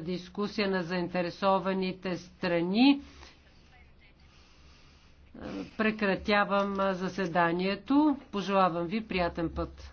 дискусия на заинтересованите страни. Прекратявам заседанието. Пожелавам ви приятен път.